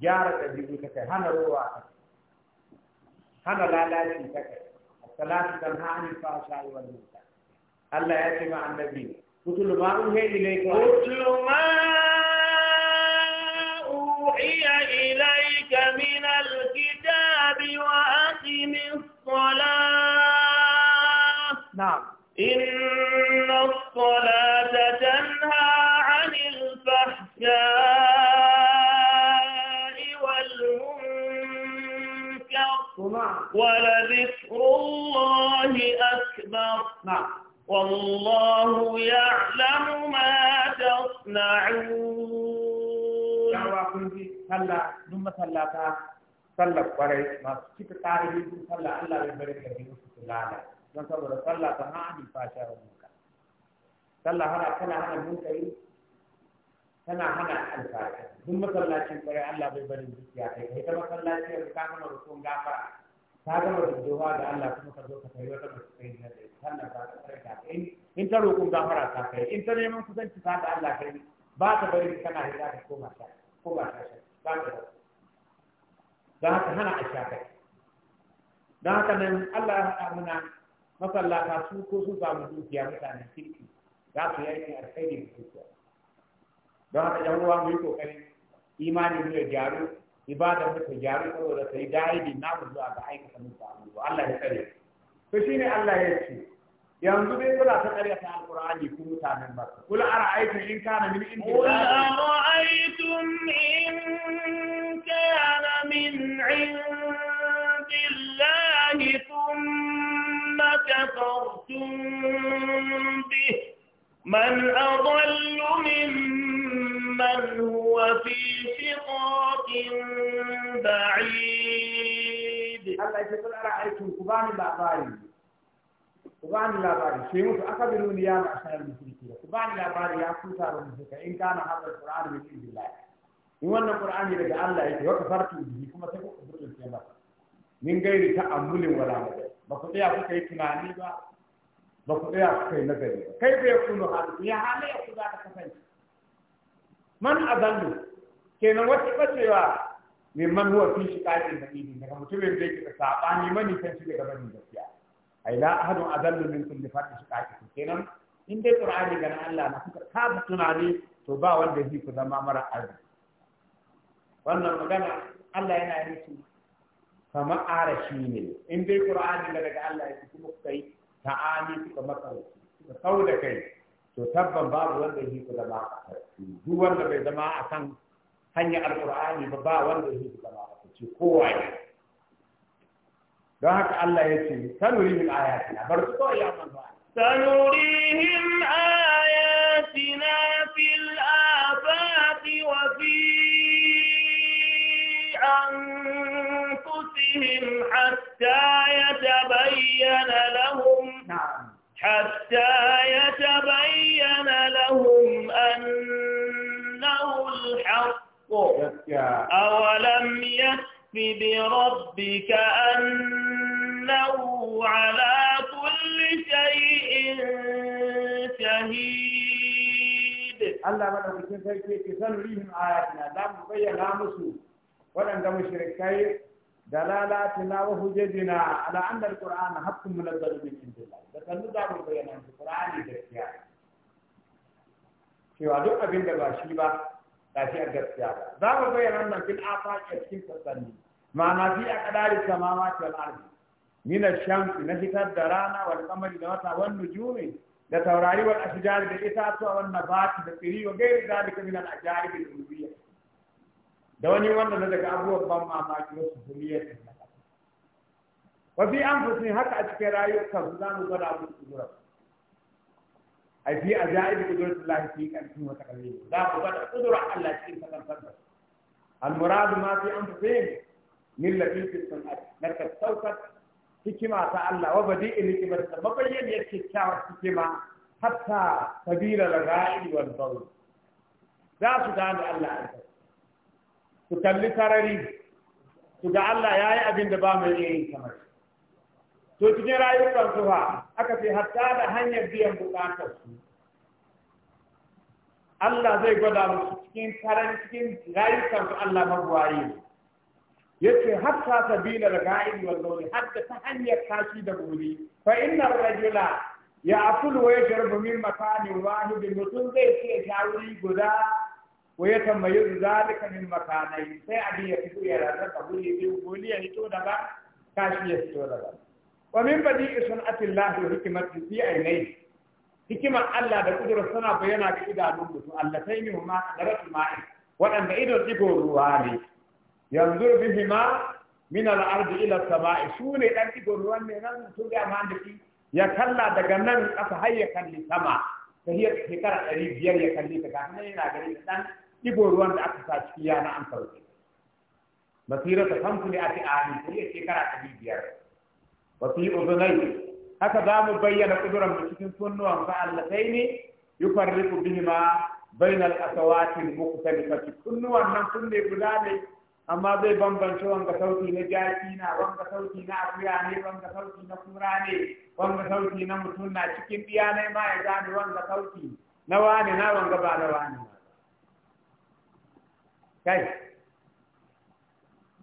gyara ɗabi'u ta kai hana ruwa hana lalaci ta kai salatu tanha anil fahsha'i wal munkar Allah ya ce ma annabi kutul ma uhiya ilayka kutul ma uhiya ilayka min al الصلاة نعم إن الصلاة تنهى عن الفحشاء والمنكر نعم. ولذكر الله أكبر نعم والله يعلم ما تصنعون هلا ثم ثلاثة sallar kwarai masu cika ƙa'idojin sallah Allah bai bari ka biyu su lalace don saboda sallah ta hannun a muka sallah hana tana hana munkari tana hana alfahari. duk masallacin kwarai Allah bai bari zuciya kai kai ta masallaci yanzu ta gama rukun gafara ta gama rubuwa da Allah kuma ka zo ka kai wata mace kai na da sallah ta kwarai ta kai in ta rukun gafara ta kai in ta neman kusanci ta da Allah kai ba ta bari kana hira ka koma ta koma ta ta don haka hana a sha kai don haka nan Allah ya haɗa muna masallata su ko su samu dukiya mutanen kirki za su yi aikin alkhairi da dukiya don haka yan uwa mu yi kokarin imani mu ya gyaru ibada mu ta gyaru saboda sai daidi na mu zuwa ga aikata mu ba Allah ya tsare to shine Allah ya ce yanzu dai kula ta ƙarya ta alƙur'ani ku mutanen Kula kul ara'aytum in kana min indi qul ara'aytum in كان من عند الله ثم كفرتم به من أضل ممن هو في شقاق بعيد الله يقول أرأيتم كبان الأباري كبان الأباري شيء أخبروني يا معشر المشركين كبان الأباري يا كوتا المشركين إن كان هذا القرآن من عند الله in wannan qur'ani daga Allah yake wata farti bihi kuma sai ku sai ba min gairi amulin wala ba ba ku daya kuka yi tunani ba ba ku daya kuka yi nazari ba kai bai kunu hali ya hali ku za ta kasance man azallu kenan wata bacewa min man huwa fi shiqaqin ba'idin daga mutumin da yake sabani mani kan shi daga bani gaskiya ai la ahadu azallu min kulli fadi shiqaqin kenan in dai qur'ani ga Allah na kuka ka tunani to ba wanda zai ku zama mara arziki wannan magana Allah yana yi su kamar arashi ne in dai Qur'ani na daga Allah ya kuma kuka ta ta'ani suka matsar suka kau da kai to tabban babu wanda yake ku zama a kai. duk wanda bai zama a kan hanyar alqur'ani ba ba wanda yake ku zama a karfi kowa ne don haka Allah ya ce sanurihim ayatina bar su kawai ya manzo sanurihim ayatina بهم حتى يتبين لهم نعم حتى يتبين لهم أنه الحق أولم يكف بربك أنه على كل شيء شهيد الله ما نفسه في كيسان ليهم آياتنا لا مبين لا مسوء ولن دمشركين دلالاتنا وحججنا على أن القرآن حق من منزل من عند الله ذكرنا ذا بيان أن القرآن يدرسيا في وضع أبن دباشيبا لكي أدرسيا ذا بيان أن في الآفاق يسكن تصني ما في أقدار السماوات والأرض من الشمس نهت الدرانا والقمر نوتا والنجوم لتوراري والأشجار بالإتاتوا والنبات بالقري وغير ذلك من الأجارب الألوهية da wani wanda na daga abubuwan ban mamaki wasu da na ƙasa wa fi anfusin haka a cikin rayukan su za mu gwada mu kudurar ai fi ajaib kudurar Allah fi kalfin wata kalmi za mu gwada kudurar Allah cikin kasantar da su. al muradu ma fi anfusin min latifin sun'at narka saukar hikima ta Allah wa badi'il hikimar ta mabayyan yake kyawar hikima hatta sabila al-ra'i wal bawl za su gane Allah a ku kalli sarari su ga Allah ya yi abin da ba mai yin kamar to cikin rayukan su aka ce hatta da hanyar biyan bukatar su Allah zai gwada musu cikin karan cikin rayukan su Allah magwaye ne yace hatta sabila da ga'id wal zawli hatta ta hanyar kashi da buri fa inna rajula ya akulu wa yashrabu min makanin wahidin mutum zai ce shawuri guda wa ya tambayi zalika min makanai sai abin ya fito ya ranar da guri biyu goli ya hito daga kashi ya fito daga wa min badi isun atillahi wa hikimati fi ainai hikimar Allah da kudurar suna bayyana ga idanun mutum Allah sai ne ma qadaratu ma. wadanda idan digo ruwa ne yanzu bihima min al-ard ila as-sama'i sune dan digo ruwan ne nan mutum ga mandaki ya kalla daga nan kasa har ya sama ta hiyar shekara ɗari biyar ya kalli ta kafin yana gari da ɗan ɗigo ruwan da aka sa ciki ya na an sauke basira ta kamfani a ti ta sai shekara ta biyar wasu yi uzunai haka za mu bayyana kuduran mu cikin sunnuwan sai ne yufarriqu bihima bainal asawati mukhtalifati sunnuwan nan kunne guda ne amma zai bambance wanga sauti na jaki na wanga sauti na akuya ne wanga sauti na kura ne wanga sauti na mutum na cikin biya ne ma ya gane wanga sauti na wane na wanga ba na wane kai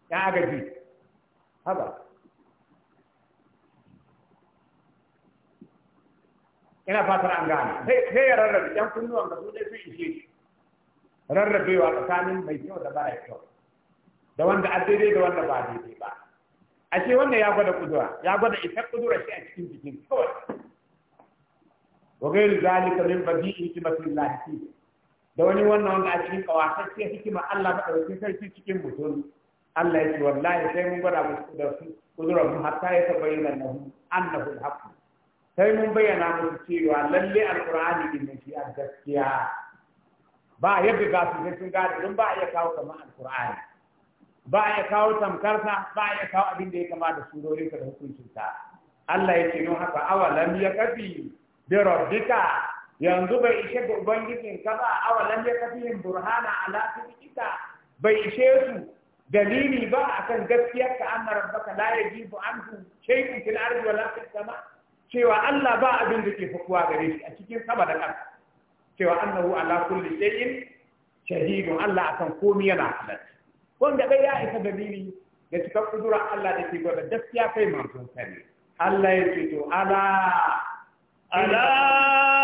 ya agaji haba ina fatar an gane sai ya rarrabe yan kunnuwan da su dai su ishe shi rarrabewa tsakanin mai kyau da mara kyau da wanda a daidai da wanda ba daidai ba ashe wanda ya gwada kudura ya gwada ita kudura shi a cikin jikin kawai wa gairu zalika min badi'i hikmatillahi fihi da wani wannan wanda a cikin kawasacciyar hikima Allah maɗaukakin sarki cikin mutum Allah ya ce wallahi sai mun gwada musu da su kudurar mu hatta ya ta bayyana na hun annahu alhaqu sai mun bayyana musu cewa lalle alqur'ani din ne shi a gaskiya ba yadda za su sun gada don ba a iya kawo kamar alqur'ani ba a iya kawo tamkarsa ba a iya kawo abin da ya kama da surorinka da hukuncinta Allah ya ce no haka awalam ya kafi bi rabbika yanzu bai ishe da ubangijin ka ba awalan ya kafi yin burhana a ala ita bai ishe su dalili ba akan gaskiyar ka anna rabbaka la yajibu anhu shay'un fil ardi sama cewa Allah ba abin da ke fukuwa gare shi a cikin sama da kan cewa annahu ala kulli shay'in shahidun Allah akan komai yana halarci wanda bai ya isa dalili da cika kudura Allah da ke gwada gaskiya kai manzon sani Allah ya ce to ala ala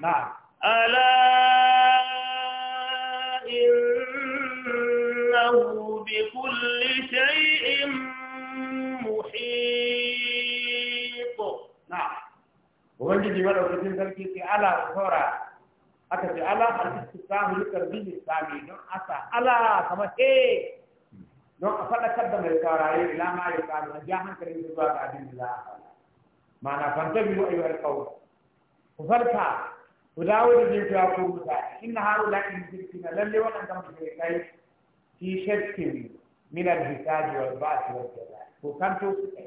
نعم ألا إنه بكل شيء محيط نعم وبنجي ماذا وكثير ذلك في على صورة أكثر على الاستفهام للتربية الإسلامية نعم أسا على كما نعم، إيه نعم a faɗakar da mai saurare ila ma ya kalu a أنا hankalin zuwa ga abin da za a faɗa ma'ana fanta biyu ayyuhal qawl ku farka ku dawo da zai ya ku mutane inna harula in na lalle waɗanda mushrikai fi shakkin min al-hisabi wal ba'th wal jazaa ko kanto su kai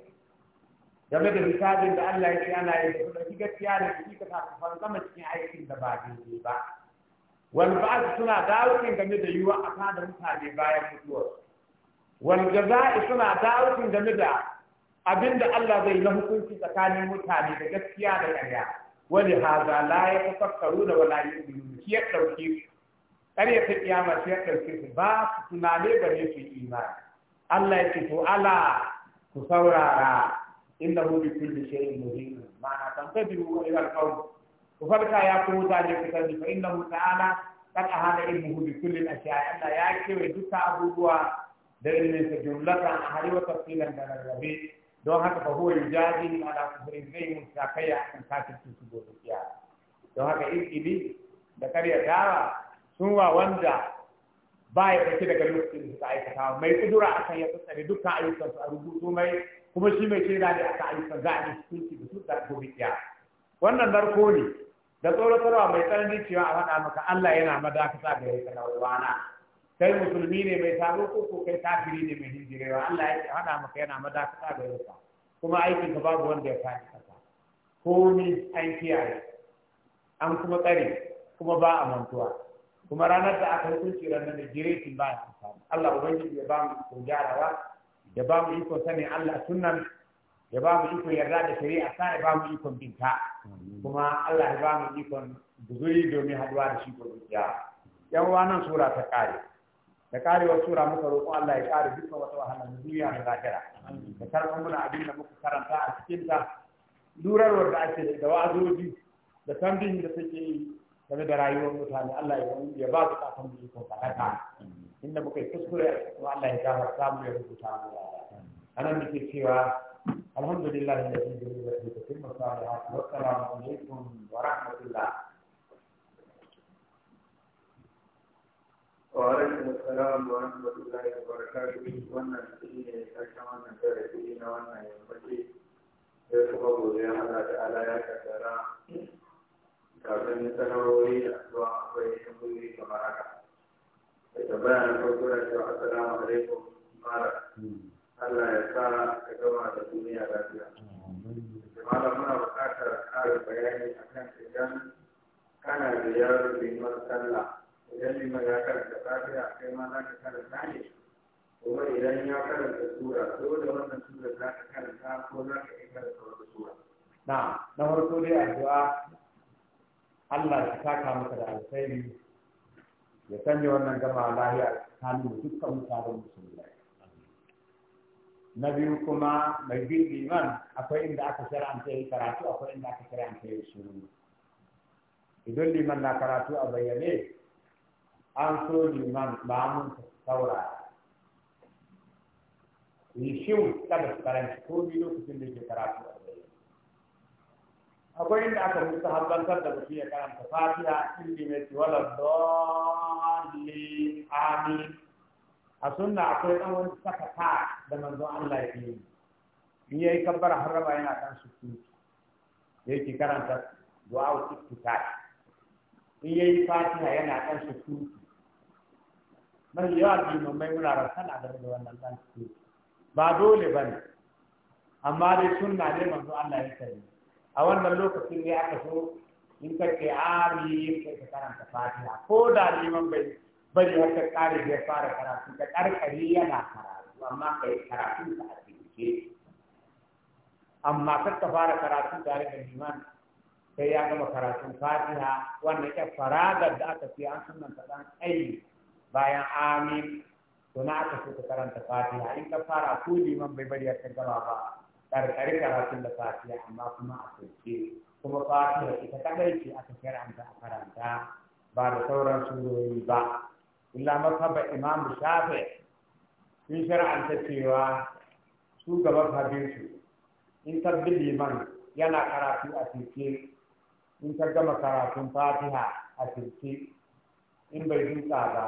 game da hisabin da Allah ya ce ana yi da kuma gaskiya da shi ka sa farkama cikin aikin da ba daidai ba wal ba'th suna dawo kin game da yiwa a kada mutane bayan mutuwar wal jazaa suna dawo kin game da abinda Allah zai yi na hukunci tsakanin mutane da gaskiya da yaya. wani hazala ya tafakkaru da wala yu'minu ki ya dauke su ƙarya ta kiyama shi ya dauke ba su tunane ba ne su imani Allah ya ce to ala ku saurara innahu bi kulli shay'in muhin ma tantabiru ila al-qawm ku farka ya ku mutane ku sani Allah ya kewaye duka abubuwa da ilmin sa a ahadi wa da rarrabe don haka fa huwa yujadilu ala kufri zai mun sakaya akan kafirci su gobe don haka irkili da kariya dawa sun wa wanda ba ya daga lokacin da ka aikata mai kudura akan ya tsare dukkan ayyukan su a rubutu mai kuma shi mai shaida ne aka ayyuka za a yi su da su da gobe wannan narko ne da tsoratarwa mai tsananin cewa a faɗa maka Allah yana madakata ga ya kana wani kai musulmi ne mai sabo ko ko kai kafiri ne mai hijirewa Allah ya hada maka yana madakata da yasa kuma aikin ka babu wanda ya faɗi kasa komi an kiyaye an kuma tsare kuma ba a mantuwa kuma ranar da aka hukunci ranar da jiretin ba ya amfani Allah ubangiji ya ba mu ikon gyarawa ya ba mu ikon sani Allah sunnan ya ba mu ikon yarda da shari'a sa ya ba mu ikon binta kuma Allah ya ba mu ikon guzuri domin haduwa da shi ko ya yan wannan sura ta kare da karewar tura muka roƙo Allah ya kare dukkan wata wahala na duniya da lahira da karɓar muna abin da muka karanta a cikin ta durarwar da ake da wa'azoji da tambin da take yi game da rayuwar mutane Allah ya ba su kafin da suka kalaka inda muka yi kuskure kuma Allah ya gafa samu ya rubuta mu anan muke cewa alhamdulillah da shi da shi da shi da shi da shi da shi da shi da وعليكم السلام ورحمة الله وبركاته وانا سيدي كمان سيدي وانا يمتي يسبب لي على تعالى يا كثيرا كابن سنوي أسوا أخوي شمولي كمارك يتبين فكرة السلام عليكم مارك Allah ya sa ka gama da duniya lafiya. Jama'a muna buƙatar ƙarin bayani akan idan kana ziyarar limar sallah idan liman ya karanta fatiha kai ma za ka karanta ne kuma idan ya karanta sura dole wannan sura za ka karanta ko za ka iya karanta wata sura na na farko dai addu'a Allah ya saka maka da alkhairi ya sanya wannan gama lahiya hannun dukkan mutanen musulmai na biyu kuma mai bin liman akwai inda aka shar'anta yi karatu akwai inda aka shar'anta yi shiru idan liman na karatu a bayyane an so liman ba mun saura yi shiwu kada su karanci ko bi lokacin da ke karatu a gari akwai inda aka musu habbantar da mutum ya karanta fatiha in limai wala dalli amin a sunna akwai dan wani sakata da manzon Allah ya yi ni. yayi kabbara har raba yana kan sukuti yake karanta du'a iftitah in yayi fatiha yana kan sukuti mai yawa mai muna rasana da da wannan ɗan su ba dole ba ne amma dai sunna ne manzo Allah ya kare a wannan lokacin ne aka so in ka ce ami in ka karanta fatiha ko da liman bai bari har ka kare bai fara karatu ka karkare yana karatu amma kai karatu ka a cikin amma kar ka fara karatu tare da liman sai ya gama karatun fatiha wannan ya faradar da aka ce an sunanta ta dan aiki bayan amin to na aka fito karanta fatiha in ka fara ko liman bai bari gama karkara ba karkari karatun da fatiha amma kuma a sauke kuma fatiha ita kadai ce aka karanta a karanta ba da sauran surori ba illa mazhabar imam shafi sun shar'anta cewa su gaba fadinsu in ka bi liman yana karatu a sirke in ka gama karatun fatiha a sirke in bai dutsa ba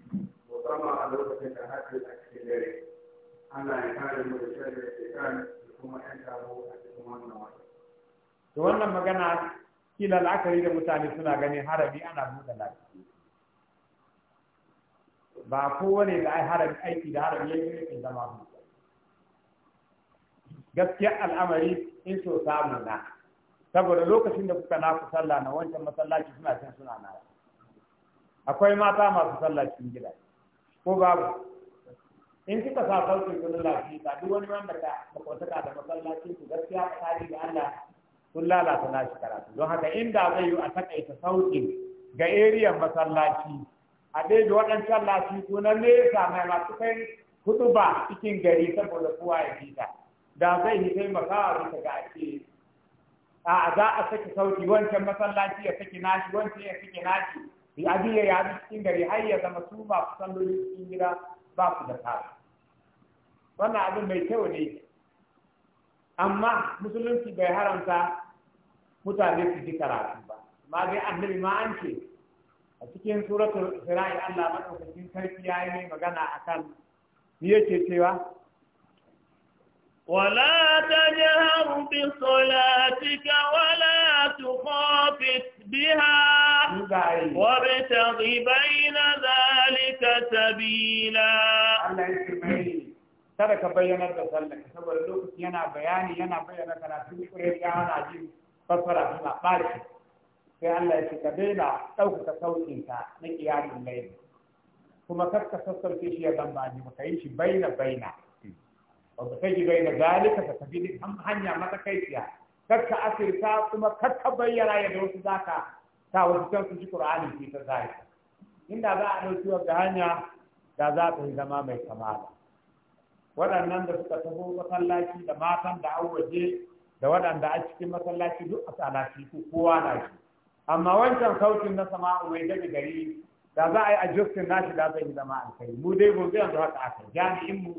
musamman a lokacin da haɗe a cikin dare ana yi da da kuma a cikin wannan wata. da wannan magana kila la'akari da mutane suna ganin harabi, ana buɗe lafiya ba kowane da ai aiki da harabi ya yi zama mu gaskiya al'amari in so samu na saboda lokacin da kuka naku sallah na wancan masallaci suna can suna na akwai mata masu sallah cikin gida ko babu in kika sa sautin kun lafi ba duk wani wanda ka makwataka da masallaci ku gaskiya ka tsari da Allah kun lalata nashi karatu don haka inda zai yi a takaita sautin ga eriyan masallaci a da waɗancan lafi ko na nesa mai masu kai hudu ba cikin gari saboda kowa ya fita da zai yi taimakawa a ta ga ake a za a saki sauki wancan masallaci ya saki nashi wancan ya saki nashi ri'adiyya ya bi cikin gari har ya zama su masu sandolin cikin gida ba su da tsari wannan abin mai kyau ne amma musulunci bai haramta mutane su ji karatu ba ma dai annabi ma an ce a cikin suratul isra'i Allah madaukakin sarki ya mai magana akan me yake cewa ولا تجهر بصلاتك ولا تخافت بها وابتغ بين ذلك سبيلا kada ka bayyanar da sallar saboda lokaci yana bayani yana bayyana karatu kure ya hana ji fassara suna ɓaci sai Allah ya ce ka daina na kuma kar ka shi ya shi baina baina ba ka kai baina zalika ka hanya kar ka asirta kuma kar ka bayyana yadda wasu zaka ta wasu kan su ji Qur'ani ke ta zai inda za a ɗauki wata hanya da za ta yi zama mai kamala waɗannan da suka taho masallaci da matan da awaje da waɗanda a cikin masallaci duk a salaci ko kowa na shi amma wancan sautin na sama'u mai daga gari da za a yi adjustin nashi da zai yi zama alkai mu dai gobe yanzu haka aka jami'in mu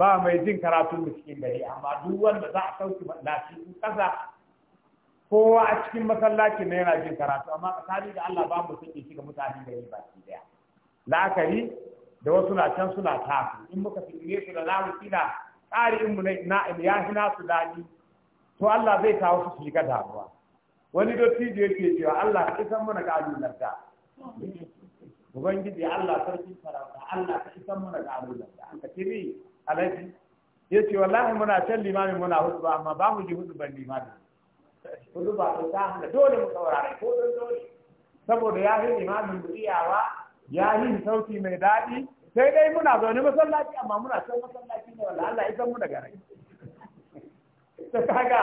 ba mai jin karatun mu cikin gari amma duk wanda za a sauki lafi ƙasa kowa a cikin masallacin ne yana jin karatu amma tsakani da Allah ba mu sake shi ga mutane da yi baki daya la'akari da wasu na can suna tafi in muka fitine su da zamu kina tsari in mu na ya hina su dadi to Allah zai kawo su shiga damuwa wani dattijo yake cewa Allah ka san mana ga alunarta ubangiji Allah sarki farauta Allah ka san mana ga alunarta an ka tiri alaji yace wallahi muna can limamin muna hudu amma ba mu ji hudu ban limamin ba ta hana dole mu saurara ko don dole saboda ya yi limamin iyawa ya yi sauti mai daɗi sai dai muna zaune masallaci amma muna son masallaci ne wanda Allah ya mu daga rai ta kaga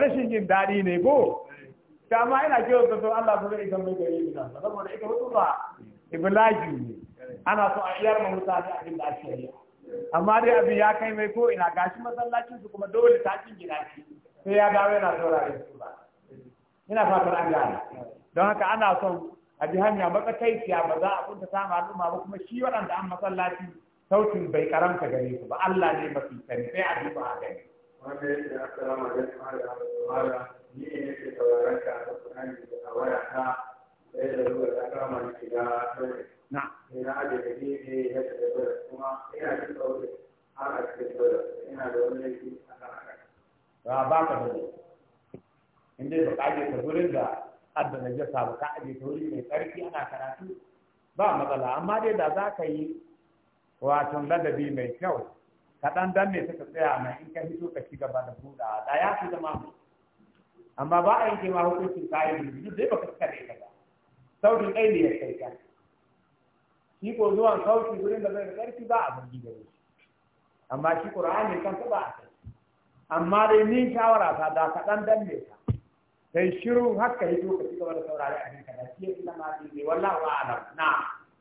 rashin jin daɗi ne ko ta ma ina kiwon ta so Allah ba zai san mai gari ne saboda ita hudu ba iblaji ne ana so a iyar mu mutane abin da ake yi amma dai abin ya kai mai ko ina gashi masallacin su kuma dole ta cin gina shi sai ya dawo yana saurari su ba ina fatan an gane don haka ana son a ji hanya matsakaiciya ba za a kunta sama al'umma ba kuma shi waɗanda an masallaci sautin bai karanta gare su ba Allah ne mafi sani sai a duba a gani wanda na ya a ba ba ka bane in dai ba aje ka gurin da adda najasa ba ka aje ta wuri mai tsarki ana karatu ba matsala amma dai da za ka yi wato ladabi mai kyau ka dan ne suka tsaya mai in ka fito ka ci gaba da buɗa da ya fi zama mai amma ba a yanke ma hukuncin kayan rubutu dai ka cika ka kaza Saukin ɗaya ne ya kai ka shi ko zuwan sauti wurin da zai da ƙarfi ba a bangi da shi amma shi ƙur'ani kan ba a kai amma dai ni shawara ta da ka dan danne ta sai shiru haka yi duka ci gaba da saurari a kanka da shi yake lama ne ne wallahi wa alam na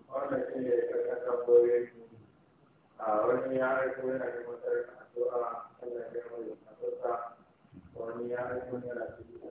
wannan shi ne ka tambaye a wani ya aiko yana da matsalar addu'a Allah ya mai wani ya aiko yana da